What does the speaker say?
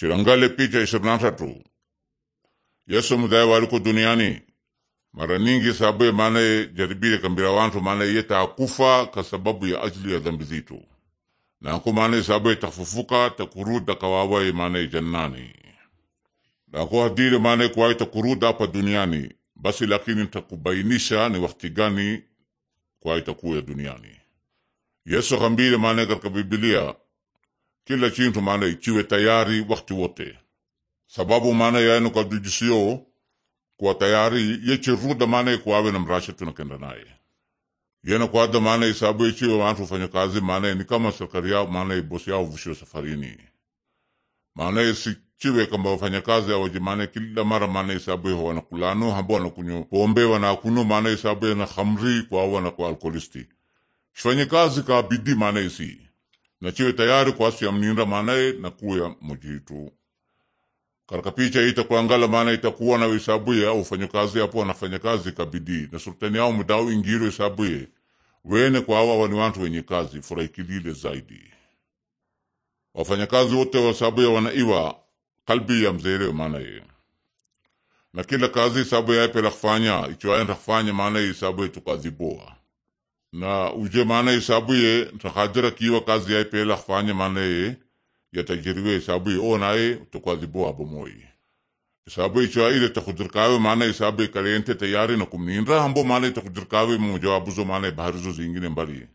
Chilangale picha ishirini na tatu Yesu mudai waliko duniani mara ningi sababu ye maana ye jaribile kambira wantu maana ye taakufa kwa sababu ya ajili ya dhambi zitu nako maana ye sababu ye tafufuka takuruda kawawa ye maana jannani nako hadire maana kuwai takuruda hapa duniani basi lakini takubainisha ni wakati gani kuwai takuya duniani Yesu kambile maana katika Biblia kila chintu maana ikiwe tayari wakati wote, sababu maana yaeno kadujisio kuwa tayari yechiruda maana ikuwawe na mrashi tunakenda naye yena kwada maana isabu ichiwe wantu fanya kazi maana ni kama serikali yao maana bosi yao vushiwe safarini maana si isichiwe kama wafanya kazi au maana kila mara maana isabu ho wanakulano hambo wanakunyo pombe wanakuno maana sababu na khamri kwa wana kwa alkoholisti shifanye kazi ka bidii maana isi nachiwe tayari ya mninda manaye nakuya mujitu karaka picha itakuangala maana itakuwa na isabuye au fanyakazi apo anafanya kazi kabidi na sultani au mdau ingiro isabuye wene kwa awa wani wantu wenye kazi furaikilile zaidi wafanyakazi wote wasabuye wanaiwa kalbi ya mzerewe maanaye na kila kazi isabuye aipela kufanya ichoaenda kufanya maanaye isabuye tukadhiboa na uje maana hesabuye takajira kiwa kazi yae pela kufanya maana ye yatajiriwe naye onaye tukwazibu abo moyi hesabu ichwa ile takudirkawe maana hesabu kalente tayari na kumninra hambo maana takudirkawe mujawabuzo maana zo zingine mbali